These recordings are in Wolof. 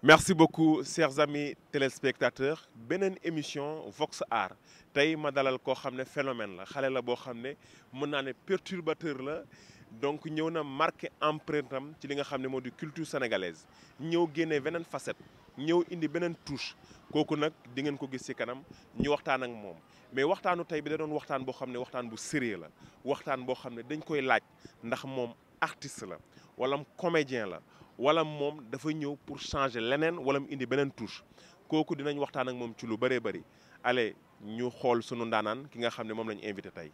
merci beaucoup chers amis téléspectateurs beneen émission Vox Art tey ma dalal koo xam ne phénomène la xale la boo xam ne mën naa ne perturbateur la donc ñëw na marqué empreinte am ci li nga xam ne moo di culture sénégalaise ñëw génnee beneen facette ñëw indi beneen touche kooku nag di ngeen ko gis ci kanam ñu waxtaan ak moom mais waxtaanu tey bi da doon waxtaan boo xam ne waxtaan bu sérieux la waxtaan boo xam ne dañ koy laaj ndax moom artiste la wala comédien la wala moom dafa ñëw pour changer leneen wala mu indi beneen touche kooku dinañ waxtaan ak moom ci lu bare bëri ale ñu xool sunu ndaanaan ki nga xam ne moom lañu invité tey.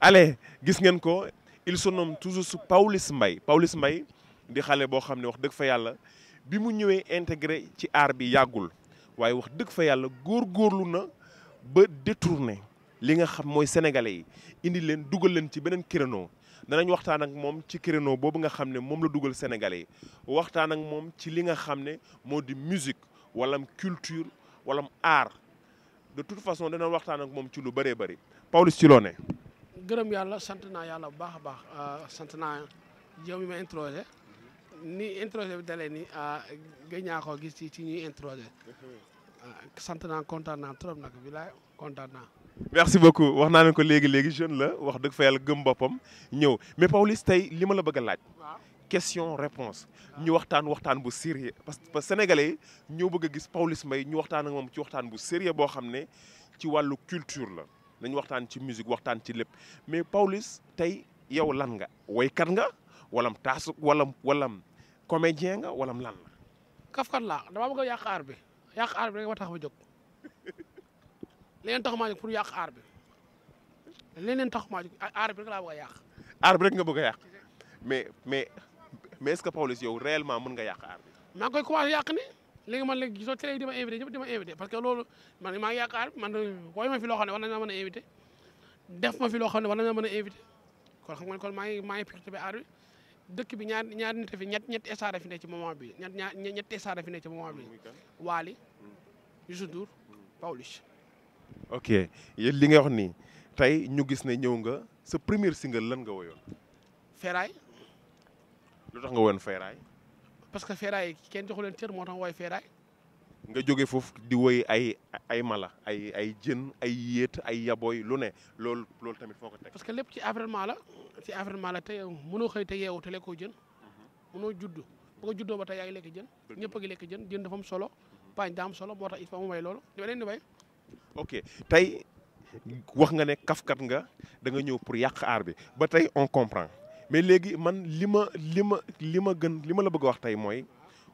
ale gis ngeen ko il se nomme toujours su mbay Mbaye Pawlish Mbaye di xale boo xam ne wax dëgg fa yàlla bi mu ñëwee integre ci aar bi yàggul waaye wax dëgg fa yàlla góor góorgóorlu na ba détourné li nga xam mooy sénégalais yi indi leen dugal leen ci beneen créneau danañu waxtaan ak moom ci créneau boobu nga xam ne moom la dugal sénégalais yi waxtaan ak moom ci li nga xam ne moo di musique walam culture walam art de toute façon dina waxtaan ak moom ci lu bëree bari Pawlish ci loone gërëm yàlla sant naa yàlla bu baax a baax euh, sant naa yow mi ma introsé ni introsé bi dalee ni euh, gëj naa koo gis ci ci ñuy introsé euh, sant naa kontaan naa trop nag bilaay kontaan naa. merci beaucoup wax naa ne ko léegi léegi jeune la wax dëgg fa yàlla gëm boppam ñëw mais Pawlish tey li ma la bëgg laaj. question réponse ñu waxtaan waxtaan bu sérieux parce que sénégalais ñoo bëgg a gis Pawlish Mbaye ñu waxtaan ak moom ci waxtaan bu sérieux boo xam ne ci wàllu culture la nañu waxtaan ci musique waxtaan ci lépp mais Pawlish tey yow lan nga woykat nga walam taasu walam walam comédien nga walam lan la kafkat laa dama bëgg a yàq aar bi yàq aar bi rek tax ma jóg pour yàq aar bi leneen tax maa yàq aar bi nga bëgg a yàq mais mais mais est-ce que Pawlish yow réellement mën nga yàq aar bi. maa ngi koy commencé yàq ni léegi man léegi soo télé di ma invité ñëpp di ma invité parce ne war a fi loo xam ne war a invité kon xam nga kon maa ngi maa ngi perturbé bi dëkk bi ñaar ñaar nit fi ñett ñetti star fi ne ci moment bi ñett ñaar ñetti star fi ne ci moment ok yéen li nga wax nii tey ñu gis ne ñëw nga sa premier single lan nga woyoon Feeraay lu tax nga woon feeraay parce que feeraay kenn joxu leen cër moo tax woy feeraay nga jóge foofu di woy ay ay mala ay ay jën ay yéet ay yabooy lu ne loolu loolu tamit foo ko teg parce que lépp ci environnement la ci environnement la te mënoo xëy te yeewu te lekkoo jën mhm. mënoo judd ba ko juddoo ba tey ay ngi lekk jën ñëpp a lekk jën jën dafa am solo paañ daa am solo moo tax il faut mu way loolu di leen di way ok tey wax nga ne kafkat nga danga ñëw pour yàq aar bi ba tey on comprend mais léegi man li ma li ma li ma gën li ma la bëgg a wax tey mooy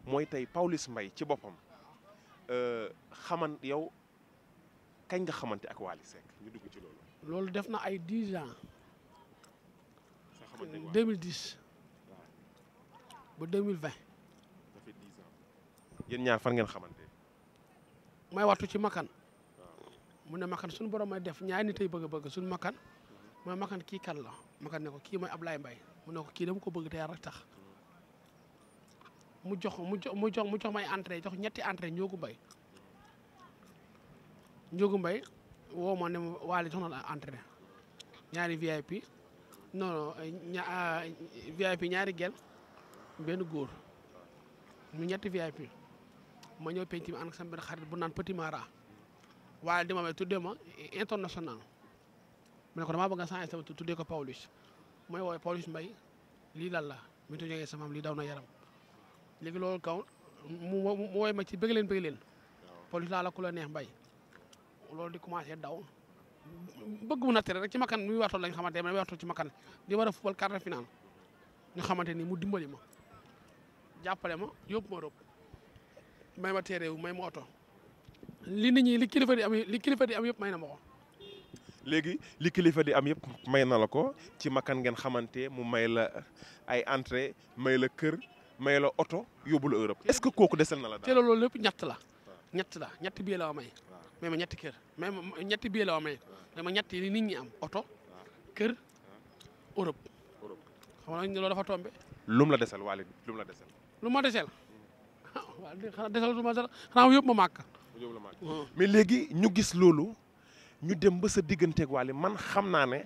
mooy tey Pawlish mbay ci boppam euh, xaman yow kañ nga xamante ak Wally Seck ñu dugg ci loolu. loolu def na ay dix ans. 2010 ba 2020. yéen ñaar fan ngeen xamante may waxtu ci makan mu ne makan suñu borom may def ñaari nit ay bëgg-bëgg suñu makan mooy mm-hmm. makan kii kan la makan ne ko kii mooy Ablaye mbay mu ne ko kii dama ko bëgg te tax mu jox mu jox mu jox mu jox may entrée jox ñetti entrée Ndiogu Mbaye Ndiogu Mbaye woo ma ma waale jox na la entrée ñaari VIP non non ña VIP ñaari gel benn góor ñu ñetti VIP ma ñëw penc mi ànd ak sama xarit bu naan Petit Mara waaye dima may tuddee ma international mu ne ko damaa bëgg a changé sama mooy woowee Pawlish mbay lii lan la mi ngi jógee sama maam lii daw na yaram léegi loolu kaw mu wooy ma ci bëgg leen bëgg leen Pawlish laa la ku la neex mbay loolu di commencé daw bëgg mu nattare rek ci makkan muy waxtoon lañ xamante ne waxtoon ci makkan di war a football quart de xamante ni mu dimbali ma jàppale ma yóbbu ma Europe may ma teereewu may ma oto li nit li kilifa di am li kilifa di am yëpp may na ma ko léegi li kilifa di am yëpp may na la ko ci makkan ngeen xamante mu may la ay entrée may la kër may la oto yóbbu la Europe est-ce que kooku desal na la daal. te loolu lépp ñett la ñett la ñetti bii la wa may. mais ma ñetti kër mais ma ñetti bii la wa may. ma ñetti nit ñi am oto. kër Europe. xam nga loolu dafa tombé. lum la desal Waly lum la desal. lu ma desal ah waaw xanaa ma dara mais léegi ñu gis loolu. ñu dem ba sa digganteeg Wally man xam naa ne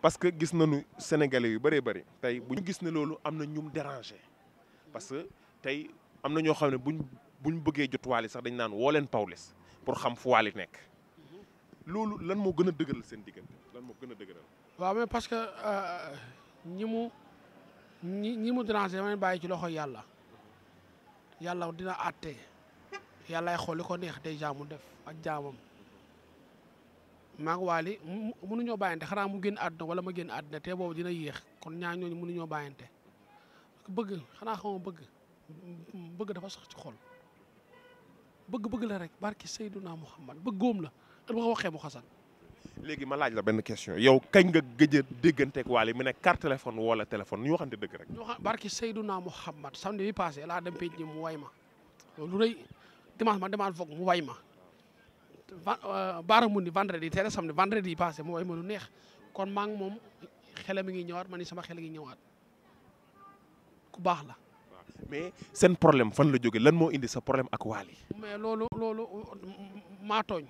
parce que gis nañu sénégalais yu bëree bëri tey bu ñu gis ne loolu am na ñum dérangé parce que tey am na ñoo xam ne buñ buñ bëggee jot Wally sax dañ naan woo leen Pawlish pour xam fu Wally nekk loolu lan moo gën a dëgëral seen diggante lan moo gën a dëgëral. waaw mais parce que euh, ñi mu ñi ñi mu dérangé ma bàyyi ci loxo yàlla yàlla dina àtte yàllaay xool ko neex déjà mu def ak jaamam. maag waali mënuñoo bàyyante xanaa mu génn àdduna wala ma génn àdduna te boobu dina yéex kon ñaar ñooñu mënuñoo bàyyante bëgg xanaa xama bëgg bëgg dafa sax ci xol bëgg-bëgg la rek barki Seydouna Muhammad bëggoom la dama ko waxee mu xasan léegi ma laaj la benn question yow kañ nga gëj a dégganteeg waali mu ne carte téléphone wala téléphone ñu waxante dëgg rek ñoo barki Seydouna Muhammad samedi bi passé laa dem pénc ñi mu way ma loolu rëy dimanche ma demaat foog mu way ma Euh, baara mu ni vendredi teel a samedi vendredi yi passé mooy ma lu neex kon maa ngi moom xelam mi ngi ñëwaat ma ni sama xel ngi ñëwaat ku baax la. mais seen problème fan la jóge lan moo indi sa problème ak Wally. mais loolu loolu maa tooñ.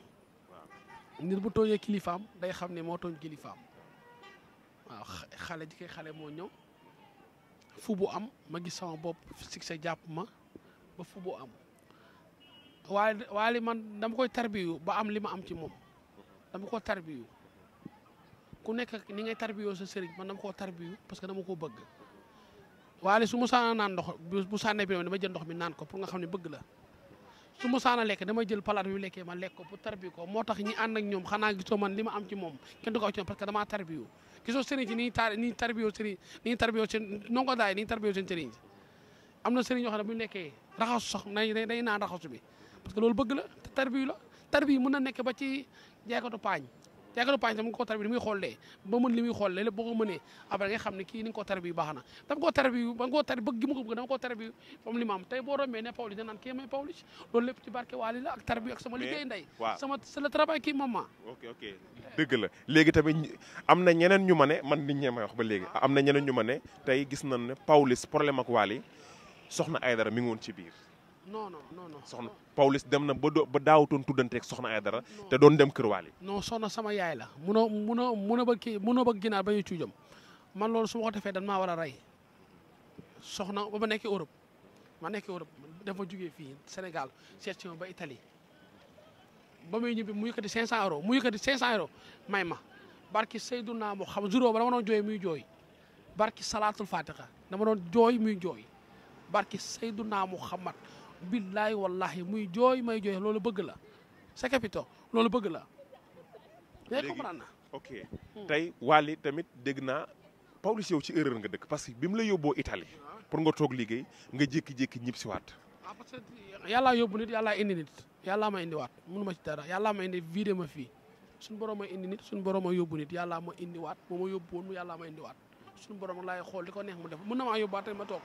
nit bu tooñee kilifaam day xam ne moo tooñ kilifaam waaw xale ji xale moo ñëw fu bu am ma gis sama bopp succès jàpp ma ba fu bu am. waaye waali man dama koy tarbiyu ba am li ma am ci moom dama ko tarbiyu ku nekk ni ngay tarbiyoo sa sëriñ man dama koo tarbiyu parce que dama koo bëgg waali su ma saana naan ndox bu sànnee bi dama jël ndox mi naan ko pour nga xam ne bëgg la su ma lekk damay jël palaat bi lekkee ma lekk ko pour tarbi ko moo tax ñi ànd ñoom xanaa gisoo man li ma am ci moom kenn du ko aw ci moom parce que damaa tarbiyu gisoo sëriñ si ni tar ni tarbiyoo sëriñ ni tarbiyoo seen nongo daay ni tarbiyoo sëriñ si am na sëriñ yoo xam ne bu ñu lekkee raxasu sax day naan raxasu bi parce que loolu bëgg la te tarbiyu la tarbiyu mën na nekk ba ci jaaykatu paañ jaaykatu paañ tam nga ko tarbiyu li muy xoolee ba mën li muy xoolee lépp boo ko mënee après nga xam ne kii ni nga ko tarbiyu baax na dama koo tarbiyu ba nga koo tarbiyu bëgg gi ma ko bëgg ne Pawlish da naan kii may Pawlish loolu lépp ci la léegi tamit am na ñeneen ñu ma ne man nit ñee may wax ba léegi am na ñeneen ñu ma ne tey gis na ne Pawlish problème ak waali soxna Aydara mi ngi woon ci biir non non non non soxna Pawlish dem na ba do ba daawutoon tuddanteeg soxna ay dara te doon dem kër Waly non soxna sama yaay la munoo munoo munoo ba kii munoo ba ginaar ba ñu cuujam man loolu su ma ko defee dañ maa war a rey soxna ba ma nekkee Europe ma nekkee Europe dafa jugee fii Sénégal seet ba Italie ba muy ñibbi mu yëkkati 500 euros mu yëkkati 500 euros may ma barki Seydouna moo xam juróom ba dama doon jooy muy jooy barki salaatul fatiha dama doon jooy muy jooy barki Seydouna Muhammad billaay wallahi muy jooy may jooy loolu bëgg la sa capito loolu bëgg la. léegi comprendre na ok hmm. tey Wally tamit dégg naa Pawlish yow ci erreur nga dëkk parce que bi mu la yóbboo Italie pour nga toog liggéey nga jékki-jékki ñib si waat. waaw ah, parce que yàllaa yóbbu nit yàllaa indi nit yàllaa ma indi waat mënu ma ci dara yàllaa ma indi vidé ma fii suñu borom ma indi nit suñu borom ma yóbbu nit yàllaa ma indi waat moo ma yóbbu woon yàllaa ma indi waat suñu borom laay xool di ko neex mu def mën na maa yóbbuwaat rek ma toog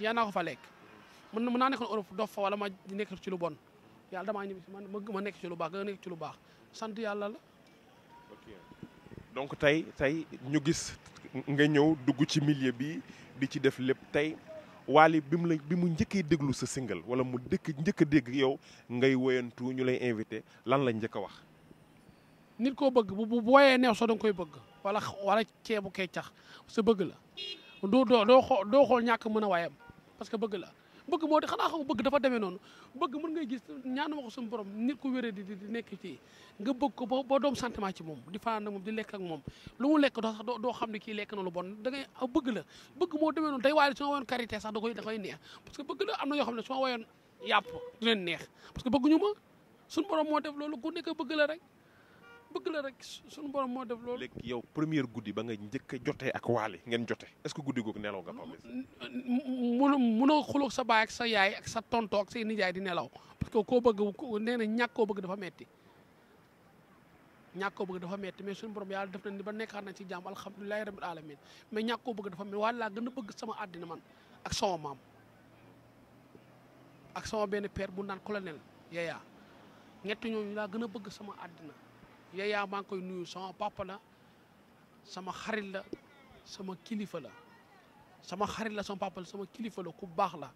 yaa naa ko fa lekk mën mën naa nekkoon Europe dof fa wala ma nekk ci lu bon yàlla damaa ñibbi si man ma nekk ci lu baax nga nekk lu baax sant yàlla la. ok donc tey tey ñu gis nga ñëw dugg ci millier bi di ci def lépp tey Wally bi mu bi mu njëkkee déglu sa single wala mu dëkk njëkk a dégg yow ngay woyantu ñu lay invité lan la njëkk a wax. nit koo bëgg bu bu woyee neew soo danga koy bëgg wala wala ceebu keccax sa bëgg la doo doo doo xool doo xool ñàkk mën a waayam. parce que bëgg la bëgg moo di xanaa xaw bëgg dafa demee noonu bëgg mën ngay gis ñaanu ko suñu borom nit ku wéree di nekk ci nga bëgg ko ba doom sentiment ci moom di fanaan ak moom di lekk ak moom lu mu lekk doo sax doo xam lekk na lu da ngay ah, bëgg la bëgg moo demee noonu day waaye su ma woyoon karité sax da koy da koy neex parce que bëgg la am na yoo xam ne su ma woyoon yàpp du leen neex parce que bëgguñu ma suñu borom moo def loolu ku nekk bëgg la rek bëgg la rek suñu borom moo def loolu. léegi yow première guddi ba nga njëkk a jotee ak waale ngeen jote est-ce que guddi googu nelaw nga Pambis. mun munoo xuloo sa baay sa yaay ak sa tonto ak say nijaay di nelaw parce que koo bëgg nee na ñàkk koo bëgg dafa metti ñàkk koo bëgg dafa metti mais suñu borom yàlla def na ni ba nekkaat na ci jàmm alhamdulilahi rabbil alamin mais ñàkk koo bëgg dafa metti wala laa gën a bëgg sama àddina man ak sama maam ak sama benn père bu naan colonel Yaya ñett ñooñu laa gën a bëgg sama àddina Yaya maa ngi koy nuyu sama papa la sama xarit la sama kilifa la sama xarit la sama papa sama kilifa la ku baax la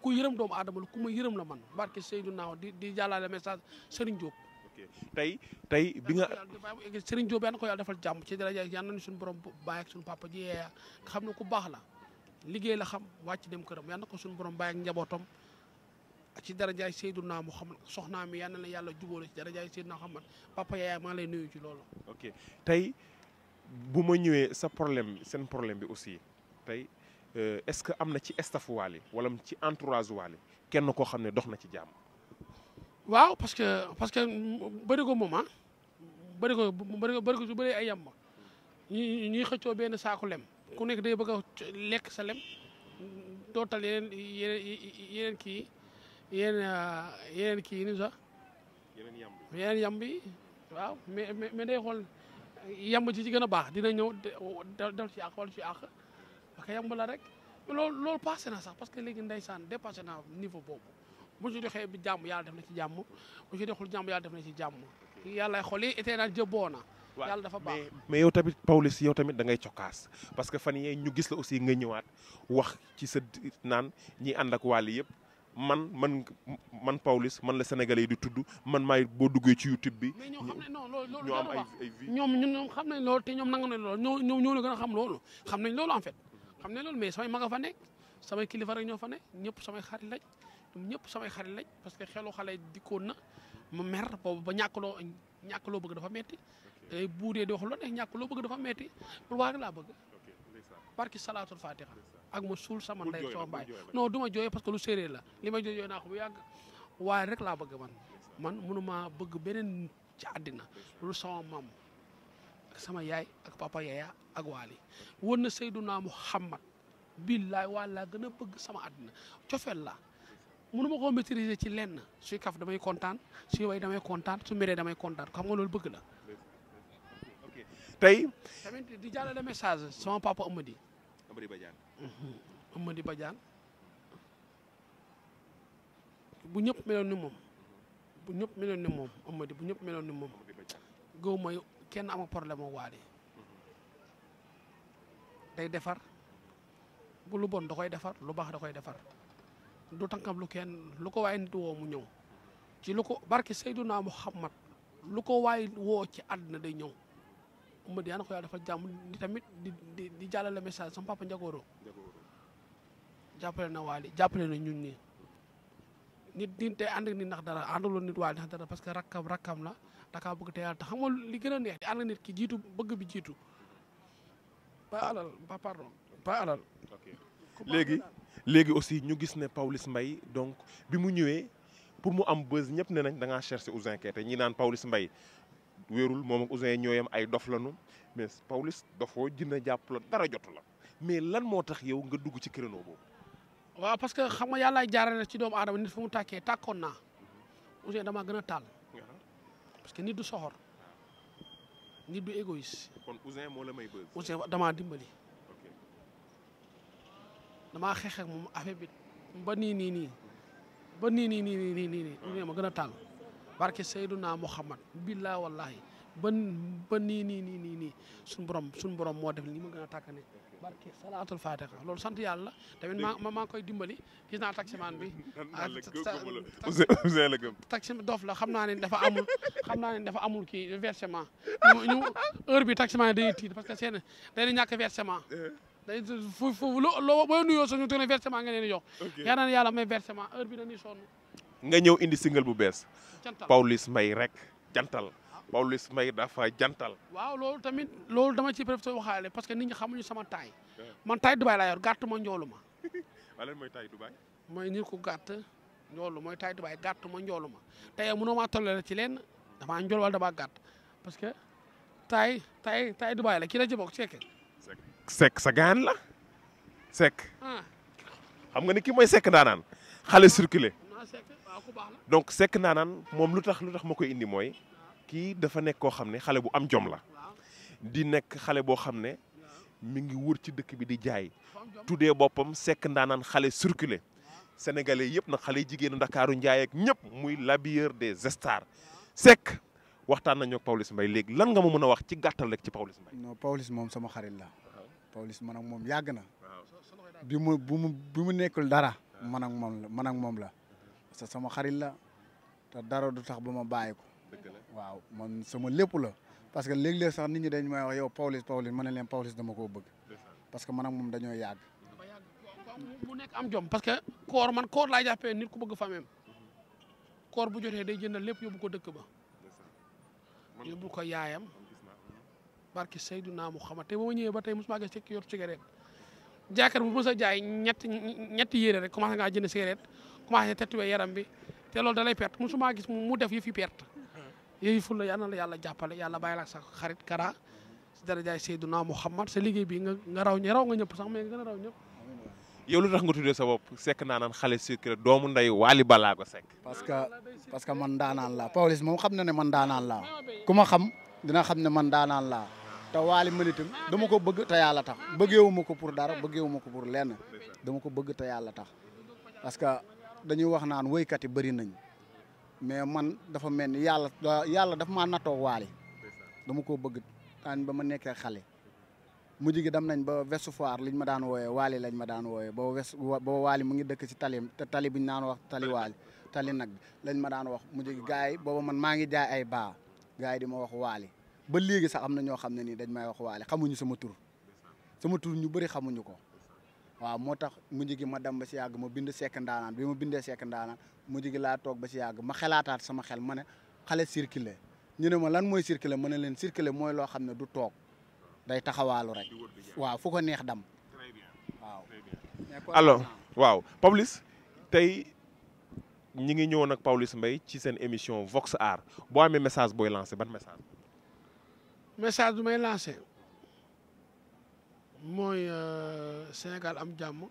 ku yërëm doomu adama la ku ma yërëm la man barke Seydou Naaw di di jàllale message Serigne Diop. tey tey bi nga. Serigne Diop yaa na ko yàlla defal jàmm ci dara yàlla na suñu borom bàyyi ak suñu papa ji Yaya xam ne ku baax la liggéey la xam wàcc dem këram yàlla na ko suñu borom bàyyi ak njabootam. ci darajaay Seydunaa Muhammad soxnaa mi yàlla la yàlla jubóole ci darajaay Seydunaa Muhammad papa yaay maa lay nuyu ci loolu. ok bu ma ñëwee sa problème seen problème bi aussi tey euh, est-ce que am na ci staff Wally wala ci entourage Wally kenn koo xam ne dox na ci jàmm. waaw parce que parce que bëri ko moom ah, bëri ko bëri ko bëri ay yàmba ñuy ñuy xëccoo benn saako lem ku nekk day bëgg lekk sa lem dootal yeneen kii. yeneen euh, yeneen kii ni sax yeneen yamb yi waaw mais mais day xool yamb ci ci gën a baax dina ñëw def ci àq wala ci àq parce que yamb la rek loolu loolu passé na sax parce que léegi ndeysaan dépassé na niveau boobu bu ci doxee bi jàmm yàlla def na ci jàmm bu ci doxul jàmm yàlla def na ci jàmm yàlla xool yi été naan jëboo na yàlla dafa baax mais yow tamit Pawlish yow tamit da ngay cokkaas parce que fan yee ñu gis la aussi nga ñëwaat wax ci sa naan ñi ànd ak wàll yëpp man man man Pawlish man la Sénégalais yi di tudd man maay boo duggee ci YouTube bi. ñu am ay ay vie ñoom ñun xam nañ loolu te ñoom nangu nañ loolu ñoo ñoo ñoo gën a xam loolu xam nañ loolu en fait. xam ne loolu mais samay mag fa nekk samay kilifa rek ñoo fa nekk ñëpp samay xarit lañ ñëpp samay xarit lañ parce que xelu xale dikkoon na mu mer boobu ba ñàkk loo ñàkk loo bëgg dafa metti te buudee di wax lu ne ñàkk loo bëgg dafa metti pour waa laa bëgg. barki salaatul fatiha ak ma suul sama ndey sama baay non du ma jooyee parce que lu séeréer la li ma jooy jooy naa ko bu yàgg waaye rek laa bëgg man man mënuma bëgg beneen ci àddina lu sama maam ak sama yaay ak papa ak waali won na Seydunaa Muhammad billaay waal laa gën a bëgg sama àddina cofeel la mënu ma koo maîtriser ci lenn suy kaf damay kontaan suy way damay kontaan su meree damay kontaan xam nga loolu bëgg la tey. tamit di jàllale message sama papa Amady. Mhm. Amady Badiane. bu ñëpp meloon ni moom bu ñëpp meloon ni moom Amady bu ñëpp meloon ni moom góob kenn amul problème mu waale. Mhm. day defar bu lu bon da koy defar lu baax da koy defar lu tànkam lu kenn lu ko waaye nit woo mu ñëw ci lu ko barke Seydunaa Muhammad lu ko waaye woo ci àdduna day ñëw. Coumba di yàlla na ko yàlla defal jàmm tamit di di di jàllale message sama papa jàppale na Wally jàppale na ñun ñi nit nit day ànd nit ndax dara àndaloon nit Wally ndax dara parce que rakkam rakkam la dakaa bëgg te yàlla te xam nga li gën a neex di ànd nit ki jiitu bëgg bi jiitu ba alal ba pardon ba alal. léegi léegi aussi ñu gis ne Pawlish mbay donc bi mu ñëwee pour mu am buzz ñëpp ne nañ da ngaa cherché Ouzin Keita ñi naan Pawlish mbay wéerul moom ak Ouzin ñooyam ay dof lanu mais Pawlish dofoo jinne jàpp la dara jotu la mais lan moo tax yow nga dugg ci créneau boobu. waaw parce que xam nga yàllaay jaarale ci doomu aadama nit fu mu tàkkee tàkkoon naa mhm. Ouzin damaa gën a taal. parce que nit du soxor nit kon Ouzin moo la may bëgg. Ouzin damaa dimbali. damaa xeex ak moom affaire bi ba nii nii nii ba nii nii nii nii nii nii ma gën a taal. barke Seydouna Muhammad billaa wallahi ba ba nii nii nii nii nii suñu borom suñu borom moo def li ma gën a tàkkane barke salaatul fatiha loolu sant yàlla tamit maa maa ngi koy dimbali gis naa taximaan bi ah, la gëm taxi dof la xam naa ne dafa amul xam naa ne dafa amul kii versement ñu heure bi taximaan yi dañuy tiit parce que seen day ñàkk versement eh. day fu fu loo boo nuyoo sax ñu tone versement nga leen di jox yaa naan yàlla may versement heure bi dañuy nga ñëw indi single bu bees Pawlish Mbaye rek jantal Pawlish Mbaye dafa jantal. waaw loolu tamit loolu dama ci soo waxaale parce que nit ñu xamuñu sama taay. man taay Dubaay laa yor gàtt ma njoolu ma. lan mooy taay Dubaay. mooy gàtt njoolu mooy taay Dubaay gàtt ma njoolu ma tey mënoo maa ci leen damaa njool wala damaa gàtt parce que taay taay taay Dubaay la ki la ci bokk Seck. Seck sa gaan la Seck. Ah. xam nga ni ki moy sekk daanaan xale circulé. donc sekk ndaanaan moom lu tax lu tax ma koy indi mooy kii dafa nekk koo xam ne xale bu am jom la di nekk xale boo xam ne mu ngi wër ci dëkk bi di jaay tuddee boppam sekk ndaanaan xale circulé sénégalais yëpp na xale yi jigéenu ndakaaru njaay ak ñëpp muy l'habilleur de stars sekk waxtaan nañu ak Pawlish Mbaye léegi lan nga ma mën a wax ci gàttal rek ci pawlis Mbaye non Pawlish moom sama xarit la Pawlish man ak moom yàgg na bi mu bi mu bi mu nekkul dara man ak moom ak moom la sa sama xarit la te dara du tax ba ma bàyyi ko. waaw man sama lépp la. parce que léeg-léeg sax nit ñi dañ may wax yow Pawlish Pawlish ma ne leen Pawlish dama koo bëgg. parce que man ak moom dañoo yàgg. mu nekk am jom parce que koor man koor laa jàppee nit ku bëgg fameem koor bu jotee day jënd lépp yóbbu ko dëkk ba. yóbbu ko yaayam. barki Seydina Muhammad te ba ma ñëwee ba tey mosuma gis ci yor cigarette. jaakar bu mos a jaay ñetti ñetti yére rek commencé ngaa jënd cigarette. commencé tatoué yaram bi te loolu da lay perte musuma gis mu def yëf yi perte hmm. yooyu ful na la yàlla jàppale yàlla bàyyi la sa xarit Kara si darajaay Seydina Muhammad sa liggéey bi nga nga raw raw nga ñëpp sax mais a raw ñëpp lu tax nga tuddee sa bopp sekk naanaan xale Ciré doomu nday Wally Ballago Seck parce que parce que man daanaan laa Pawlish moom xam na ne man daanaan laa ku ma xam dina xam ne man daanaan laa te Wally man itam dama ko bëgg te yàlla tax bëggeewu ma ko pour dara bëggee ma ko pour lenn dama ko bëgg te yàlla tax parce dañuy wax naan woykat yi bari nañ mais man dafa mel ni yàlla yàlla dafa ma nattoo waali dama koo bëgg daan ba ma nekkee xale mujj gi dem nañ ba Ouest Foire liñ ma daan wooyee waali lañ ma daan wooyee ba wes ba mu ngi dëkk ci tali te tali bi ñu naan wax tali waali nag lañ ma daan wax mujj gi gars yi booba man maa ngi jaay ay baa gars yi di ma wax waali ba léegi sax am na ñoo xam ne nii dañ may wax waali xamuñu samatur tur ñu bari xamuñu ko waaw moo tax mujj gi ma dem ba si yàgg ma bind sekk ndaanaan bi ma bindee sekk ndaanaan mujj gi laa toog ba si yàgg ma xelaataat sama xel ma ne xale circulé ñu ne ma lan mooy circulé ma ne leen circulé mooy loo xam ne du toog day taxawaalu rek waaw fu ko neex dam alo waaw Pawlish tey ñi ngi ñëwoon ak Pawlish Mbaye ci seen émission Vox Art boo amee message booy lancé ban message message bu lancé mooy euh, Sénégal am jàmm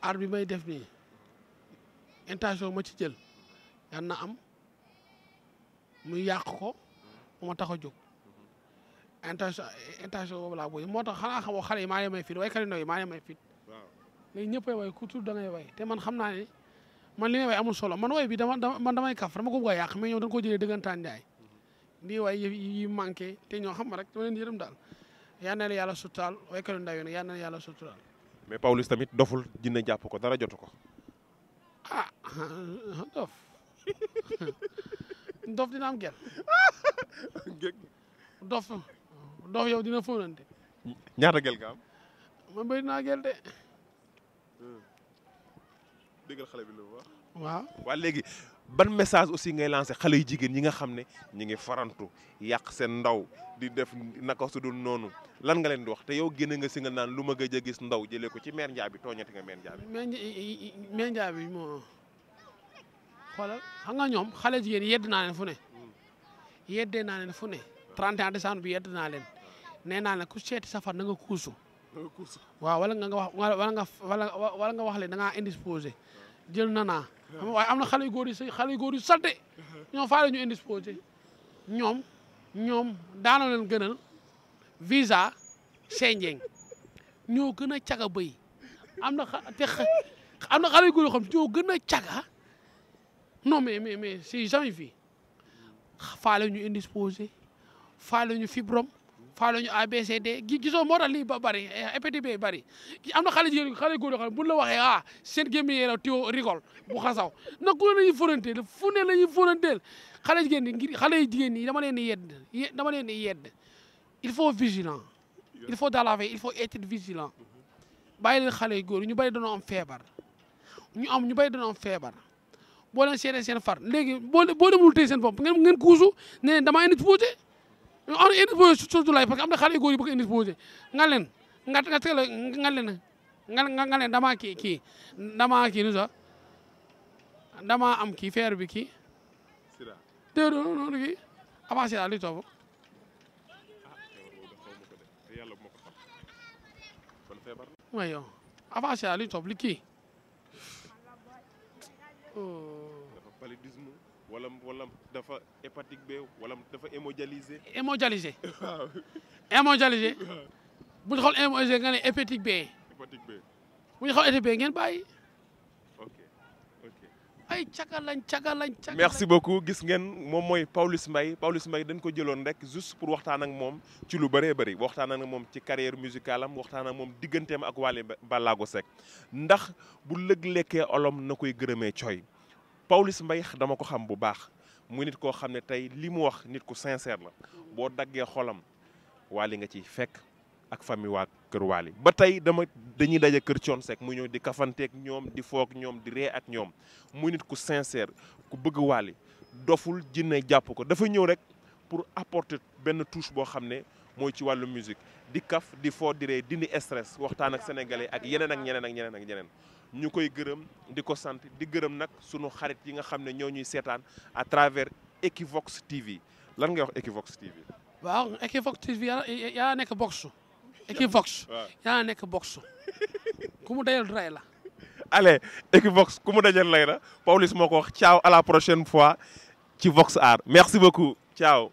aar bi may def nii intention ma ci jël yan na am mu yàq ko ma tax a jóg intention intention boobu laa booy moo tax xanaa xamoo xale yi maa may fit waykat yu ndaw yi maa may fit ñëpp ay way ku tudd da ngay way te man xam naa ne man li may way amul solo man way bi man damay kaf dama ko bëgg a yàq mais ñoom dañu ko jëlee dëggantaan njaay di uhuh. way yi manqué te ñoo xam rek dama leen yërëm daal yal na yàlla suturaal waykatu ndaw yi nag yal na yàlla suturaal. mais Pawlish tamit doful dina jàpp ko dara jotu ko. ah dof dina am gel dof dof yow dina fóonante. ñaata gel nga man bëri naa gel de. Hmm. waaw ban message aussi ngay lancé xale yu jigéen ñi nga xam ne ñu ngi farantu yàq seen ndaw di def naka su dul noonu lan nga leen di wax te yow génne nga si nga naan lu ma gëj a gis ndaw jële ko ci meer Njaay to tooñati nga meer Njaay bi. bi moo xoolal xam nga ñoom xale jigéen yedd naa leen fu ne. yeddee naa leen fu ne. 31 décembre bi yedd naa leen nee naa leen ku seeti safar na nga kuusu. waaw wala nga wax wala nga wala nga wax da ngaa indisposé. jël na naa waaye am na xale yu góor yu sa xale yu góor yu salte ñoom faa ñu indisposé ñoom ñoom daana leen gënal visa senjeng ñoo gën a caga bay am na te am xale yu góor xam ñoo gën a caga non mais mais mais c'est jamais fii faale ñu indisposé faale ñu fibrom faalo ñu ABCD gisoo moo tax lii ba bëri hépatite eh, bëri am na xale jigéen xale góor yoo xam la waxee ah seen gémmiñ yéen a tiwo rigol bu xasaw nag ku la ñuy fóonanteel fu ne la ñuy fóonanteel xale jigéen ñi ngir xale jigéen ñi dama leen di yedd dama leen di yedd il faut vigilant il faut dans la veille il faut être vigilant bàyyi leen xale yu góor ñu bëri dañoo am feebar ñu am ñu bëri dañoo am feebar boo leen seetee seen far léegi boo boo demul tey seen bopp ngeen ngeen kuusu ne on indisposé parce que am na xale yu góor yu bëgg indisposé nga leen nga nga teel a nga leen damaa kii kii damaa kii nu sax damaa am kii feer bi kii. déedéet non non kii avancé daal li topp. waaye yow li kii. wala wala dafa hépatique B wala dafa hémodialysé. hémodialysé. waaw hémodialysé. bu ñu xool hémodialysé nga ne hépatique B. bu ñu xool hépatique B ngeen bàyyi. ok ok. ay cagalañ cagalañ cagalañ. merci beaucoup gis ngeen moom mooy Pawlish Mbaye Pawlish Mbaye dañ ko jëloon rek juste pour waxtaan ak moom ci lu bëree bëri waxtaan ak moom ci carrière musicale am waxtaan ak moom digganteem ak Wally Ballago Seck ndax bu lëg lekkee olom na koy gërëmee cooy. Pawlish Mbaye dama ko xam bu baax muy nit koo xam ne tey li mu wax nit ku sincère la boo daggee xolam waali nga ciy fekk ak famille waa kër waali ba tey dama dañuy daje kër Thione Seck mu ñëw di kafanteeg ñoom di foog ñoom di ree ak ñoom muy nit ku sincère ku bëgg waali doful jinne jàpp ko dafa ñëw rek pour apporter benn touche boo xam ne mooy ci wàllu musique di kaf di foo di ree dindi stress waxtaan ak sénégalais ak yeneen ak ñeneen ak ñeneen ak ñeneen ñu koy gërëm di ko sant di gërëm nag sunu xarit yi nga xam ne ñoo ñuy seetaan à travers Equivox TV lan ngay wax Equivox TV. waaw Equivox TV yaa nekk box. Equivox yaa nekk box ku mu ray la. allez Equivox ku mu dajal lay la Pawlish moo ko wax ciao à la prochaine fois ci Vox Art merci beaucoup ciao.